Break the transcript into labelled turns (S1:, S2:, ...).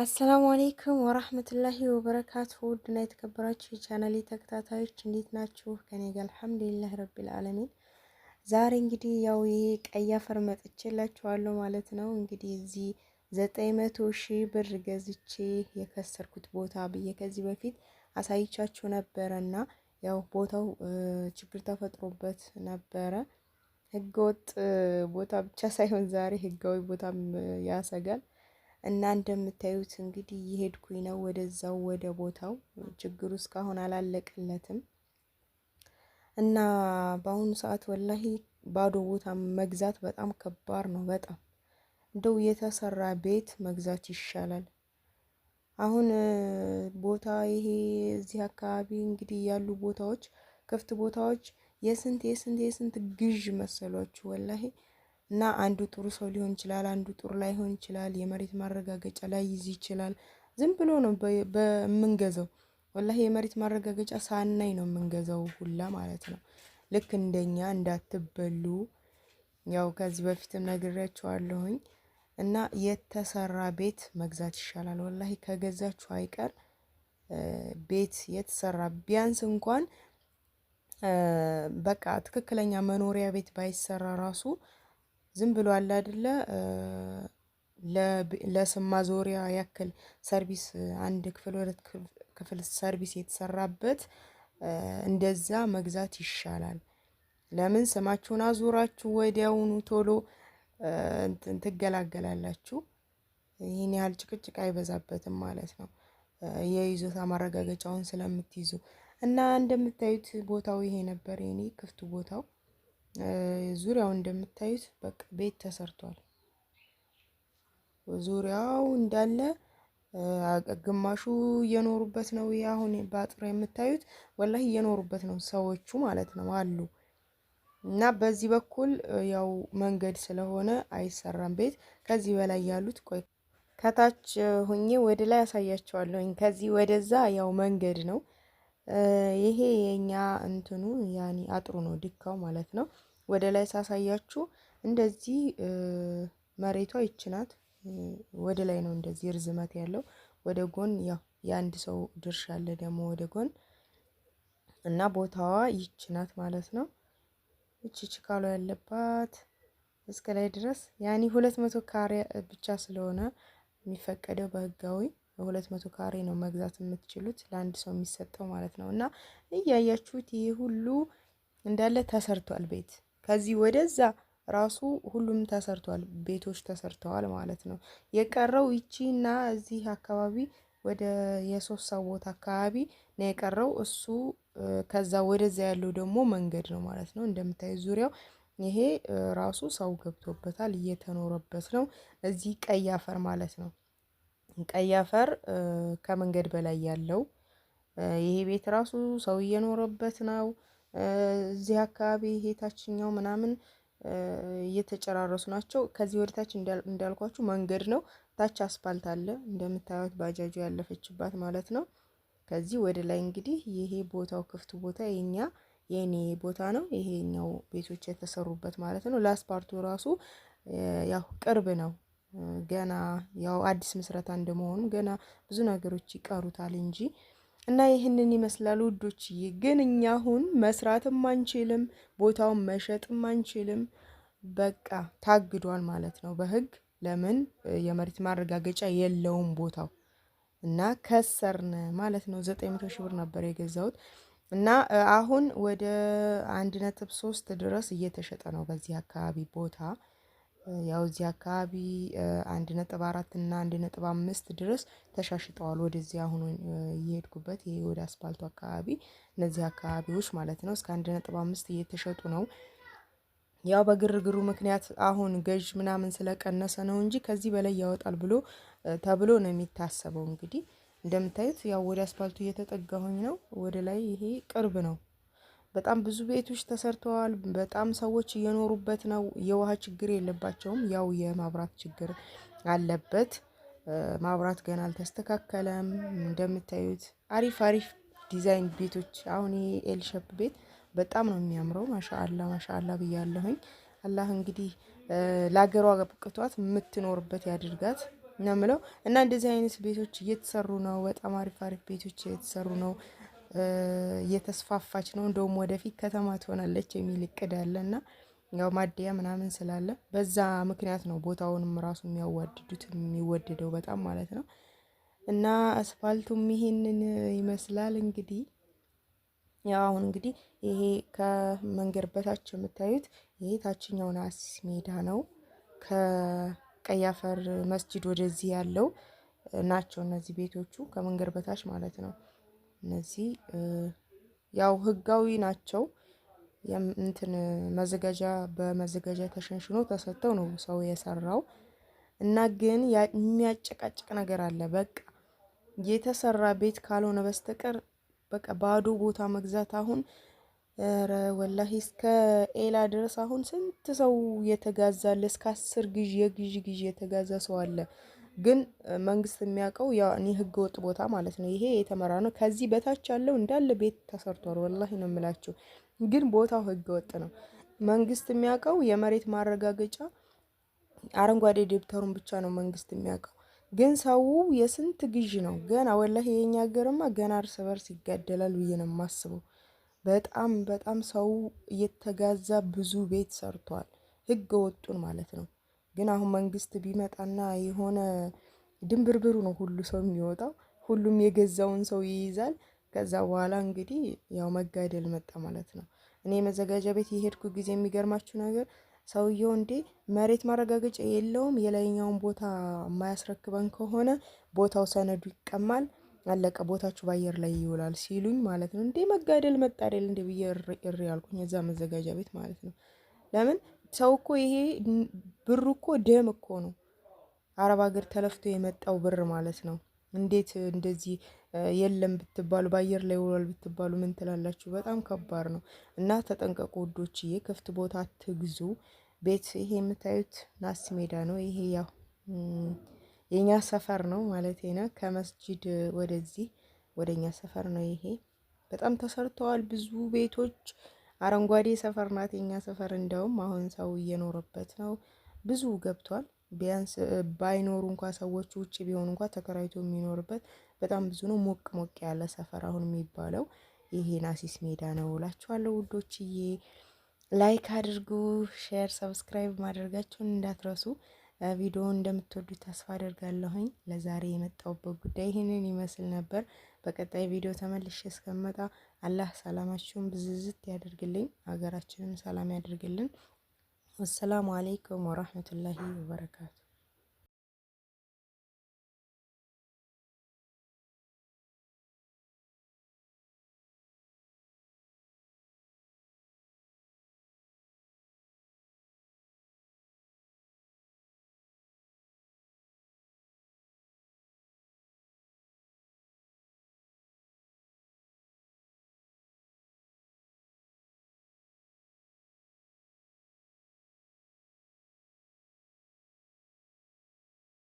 S1: አሰላሙ አሌይኩም ወራህመቱላሂ ወበረካቱ። ውድና የተከበራችሁ የቻናሌ ተከታታዮች እንዴት ናችሁ? ከኔ ጋር አልሐምዱሊላህ ረቢል አለሚን። ዛሬ እንግዲህ ያው ይሄ ቀይ አፈር መጥቼላችኋለሁ ማለት ነው። እንግዲህ እዚህ ዘጠኝ መቶ ሺህ ብር ገዝቼ የከሰርኩት ቦታ ብዬ ከዚህ በፊት አሳይቻችሁ ነበረ እና ያው ቦታው ችግር ተፈጥሮበት ነበረ። ህገወጥ ቦታ ብቻ ሳይሆን ዛሬ ህጋዊ ቦታም ያሰጋል እና እንደምታዩት እንግዲህ እየሄድኩኝ ነው ወደዛው ወደ ቦታው። ችግሩ እስካሁን አላለቀለትም እና በአሁኑ ሰዓት ወላሂ ባዶ ቦታ መግዛት በጣም ከባድ ነው። በጣም እንደው የተሰራ ቤት መግዛት ይሻላል። አሁን ቦታ ይሄ እዚህ አካባቢ እንግዲህ ያሉ ቦታዎች ክፍት ቦታዎች የስንት የስንት የስንት ግዥ መሰሏችሁ ወላሄ። እና አንዱ ጥሩ ሰው ሊሆን ይችላል፣ አንዱ ጥሩ ላይሆን ይችላል። የመሬት ማረጋገጫ ላይ ይዝ ይችላል። ዝም ብሎ ነው በምንገዛው። ወላሂ የመሬት ማረጋገጫ ሳናይ ነው የምንገዛው ሁላ ማለት ነው። ልክ እንደኛ እንዳትበሉ ያው ከዚህ በፊትም ነግሬያችኋለሁኝ። እና የተሰራ ቤት መግዛት ይሻላል። ወላሂ ከገዛችሁ አይቀር ቤት የተሰራ ቢያንስ እንኳን በቃ ትክክለኛ መኖሪያ ቤት ባይሰራ ራሱ ዝም ብሎ አለ አይደለ ለስም ማዞሪያ ያክል ሰርቪስ አንድ ክፍል ወደ ክፍል ሰርቪስ የተሰራበት እንደዛ መግዛት ይሻላል። ለምን ስማችሁን አዙራችሁ ወዲያውኑ ቶሎ ትገላገላላችሁ። ይህን ያህል ጭቅጭቅ አይበዛበትም ማለት ነው። የይዞታ ማረጋገጫውን ስለምትይዙ እና እንደምታዩት ቦታው ይሄ ነበር የኔ ክፍቱ ቦታው ዙሪያው እንደምታዩት በቃ ቤት ተሰርቷል። ዙሪያው እንዳለ ግማሹ እየኖሩበት ነው። አሁን በአጥር የምታዩት ወላሂ እየኖሩበት ነው ሰዎቹ ማለት ነው አሉ እና በዚህ በኩል ያው መንገድ ስለሆነ አይሰራም ቤት። ከዚህ በላይ ያሉት ቆይ ከታች ሁኜ ወደ ላይ ያሳያቸዋለሁኝ። ከዚህ ወደዛ ያው መንገድ ነው። ይሄ የኛ እንትኑ ያኒ አጥሩ ነው ድካው ማለት ነው። ወደ ላይ ሳሳያችሁ እንደዚህ መሬቷ ይችናት ወደ ላይ ነው እንደዚህ ርዝመት ያለው ወደ ጎን ያው የአንድ ሰው ድርሻ አለ ደግሞ ወደ ጎን እና ቦታዋ ይችናት ማለት ነው። እቺ ችካሎ ያለባት እስከ ላይ ድረስ ያኒ ሁለት መቶ ካሬ ብቻ ስለሆነ የሚፈቀደው በህጋዊ በሁለት መቶ ካሬ ነው መግዛት የምትችሉት ለአንድ ሰው የሚሰጠው ማለት ነው። እና እያያችሁት ይህ ሁሉ እንዳለ ተሰርቷል ቤት ከዚህ ወደዛ ራሱ ሁሉም ተሰርቷል፣ ቤቶች ተሰርተዋል ማለት ነው። የቀረው ይቺ እና እዚህ አካባቢ ወደ የሶስት ሰው ቦታ አካባቢ ነው የቀረው እሱ። ከዛ ወደዛ ያለው ደግሞ መንገድ ነው ማለት ነው። እንደምታዩ ዙሪያው ይሄ ራሱ ሰው ገብቶበታል፣ እየተኖረበት ነው። እዚህ ቀይ አፈር ማለት ነው። ቀይ አፈር ከመንገድ በላይ ያለው ይሄ ቤት ራሱ ሰው እየኖረበት ነው። እዚህ አካባቢ ይሄ ታችኛው ምናምን እየተጨራረሱ ናቸው። ከዚህ ወደታች እንዳልኳችሁ መንገድ ነው። ታች አስፓልት አለ እንደምታዩት ባጃጁ ያለፈችባት ማለት ነው። ከዚህ ወደ ላይ እንግዲህ ይሄ ቦታው ክፍት ቦታ የኛ የኔ ቦታ ነው። ይሄኛው ቤቶች የተሰሩበት ማለት ነው። ለአስፓልቱ ራሱ ያው ቅርብ ነው። ገና ያው አዲስ ምስረታ እንደመሆኑ ገና ብዙ ነገሮች ይቀሩታል እንጂ እና ይህንን ይመስላል ውዶችዬ። ግን እኛ አሁን መስራትም አንችልም፣ ቦታውን መሸጥም አንችልም። በቃ ታግዷል ማለት ነው በህግ ለምን የመሬት ማረጋገጫ የለውም ቦታው እና ከሰርን ማለት ነው። ዘጠኝ መቶ ሺህ ብር ነበር የገዛሁት እና አሁን ወደ አንድ ነጥብ ሶስት ድረስ እየተሸጠ ነው በዚህ አካባቢ ቦታ ያው እዚህ አካባቢ አንድ ነጥብ አራት እና አንድ ነጥብ አምስት ድረስ ተሻሽጠዋል። ወደዚህ አሁን እየሄድኩበት ይሄ ወደ አስፓልቱ አካባቢ እነዚህ አካባቢዎች ማለት ነው እስከ አንድ ነጥብ አምስት እየተሸጡ ነው። ያው በግርግሩ ምክንያት አሁን ገዥ ምናምን ስለቀነሰ ነው እንጂ ከዚህ በላይ ያወጣል ብሎ ተብሎ ነው የሚታሰበው። እንግዲህ እንደምታዩት ያው ወደ አስፓልቱ እየተጠጋሁኝ ነው። ወደ ላይ ይሄ ቅርብ ነው። በጣም ብዙ ቤቶች ተሰርተዋል። በጣም ሰዎች እየኖሩበት ነው። የውሃ ችግር የለባቸውም። ያው የማብራት ችግር አለበት። ማብራት ገና አልተስተካከለም። እንደምታዩት አሪፍ አሪፍ ዲዛይን ቤቶች አሁን ይሄ ኤልሸፕ ቤት በጣም ነው የሚያምረው። ማሻአላ ማሻአላ ብያለሁኝ። አላህ እንግዲህ ለሀገሯ ብቅቷት የምትኖርበት ያድርጋት ነው እና እንደዚህ አይነት ቤቶች እየተሰሩ ነው። በጣም አሪፍ አሪፍ ቤቶች እየተሰሩ ነው። እየተስፋፋች ነው። እንደውም ወደፊት ከተማ ትሆናለች የሚል እቅድ አለ እና ያው ማደያ ምናምን ስላለ በዛ ምክንያት ነው ቦታውንም ራሱ የሚያዋድዱት የሚወድደው በጣም ማለት ነው። እና አስፋልቱም ይሄንን ይመስላል እንግዲህ ያው አሁን እንግዲህ ይሄ ከመንገድ በታች የምታዩት ይሄ ታችኛው ናስ ሜዳ ነው። ከቀይ አፈር መስጂድ ወደዚህ ያለው ናቸው እነዚህ ቤቶቹ ከመንገድ በታች ማለት ነው። እነዚህ ያው ህጋዊ ናቸው። እንትን መዘጋጃ በመዘጋጃ ተሸንሽኖ ተሰጥተው ነው ሰው የሰራው እና ግን የሚያጨቃጭቅ ነገር አለ። በቃ የተሰራ ቤት ካልሆነ በስተቀር በቃ ባዶ ቦታ መግዛት አሁን ኧረ ወላሂ እስከ ኤላ ድረስ አሁን ስንት ሰው የተጋዛለ እስከ አስር ግዢ የግዢ ግዢ የተጋዛ ሰው አለ። ግን መንግስት የሚያውቀው ያ እኔ ህገ ወጥ ቦታ ማለት ነው። ይሄ የተመራ ነው። ከዚህ በታች ያለው እንዳለ ቤት ተሰርቷል። ወላሂ ነው የምላችሁ። ግን ቦታው ህገ ወጥ ነው። መንግስት የሚያውቀው የመሬት ማረጋገጫ አረንጓዴ ደብተሩን ብቻ ነው መንግስት የሚያውቀው። ግን ሰው የስንት ግዥ ነው ገና ወላሂ የኛ ሀገርማ ገና እርስ በርስ ይጋደላል ብዬ ነው የማስበው። በጣም በጣም ሰው እየተጋዛ ብዙ ቤት ሰርቷል። ህገ ወጡን ማለት ነው። ግን አሁን መንግስት ቢመጣና የሆነ ድንብርብሩ ነው ሁሉ ሰው የሚወጣው። ሁሉም የገዛውን ሰው ይይዛል። ከዛ በኋላ እንግዲህ ያው መጋደል መጣ ማለት ነው። እኔ መዘጋጃ ቤት የሄድኩ ጊዜ የሚገርማችሁ ነገር ሰውየው እንዴ መሬት ማረጋገጫ የለውም። የላይኛውን ቦታ የማያስረክበን ከሆነ ቦታው ሰነዱ ይቀማል፣ አለቀ፣ ቦታችሁ በአየር ላይ ይውላል ሲሉኝ ማለት ነው። እንዴ መጋደል መጣ አይደል እንዴ ብዬ እሪ ያልኩኝ እዛ መዘጋጃ ቤት ማለት ነው። ለምን ሰው እኮ ይሄ ብር እኮ ደም እኮ ነው። አረብ ሀገር ተለፍቶ የመጣው ብር ማለት ነው። እንዴት እንደዚህ የለም ብትባሉ በአየር ላይ ውሏል ብትባሉ ምን ትላላችሁ? በጣም ከባድ ነው እና ተጠንቀቁ ውዶችዬ፣ ክፍት ቦታ ትግዙ ቤት ይሄ የምታዩት ናስ ሜዳ ነው። ይሄ ያው የእኛ ሰፈር ነው ማለት ነ ከመስጂድ ወደዚህ ወደ እኛ ሰፈር ነው ይሄ። በጣም ተሰርተዋል ብዙ ቤቶች አረንጓዴ ሰፈር ናት የኛ ሰፈር። እንደውም አሁን ሰው እየኖረበት ነው፣ ብዙ ገብቷል። ቢያንስ ባይኖሩ እንኳ ሰዎች ውጭ ቢሆኑ እንኳ ተከራይቶ የሚኖርበት በጣም ብዙ ነው። ሞቅ ሞቅ ያለ ሰፈር አሁን የሚባለው ይሄ ናሲስ ሜዳ ነው እላችኋለሁ ውዶችዬ። ላይክ አድርጉ፣ ሼር፣ ሰብስክራይብ ማድረጋችሁን እንዳትረሱ። ቪዲዮ እንደምትወዱ ተስፋ አደርጋለሁኝ። ለዛሬ የመጣሁበት ጉዳይ ይህንን ይመስል ነበር። በቀጣይ ቪዲዮ ተመልሼ እስከመጣ አላህ ሰላማችሁን ብዝዝት ያደርግልኝ፣ ሀገራችንም ሰላም ያደርግልን። ወሰላሙ አሌይኩም ወራህመቱላሂ ወበረካቱ።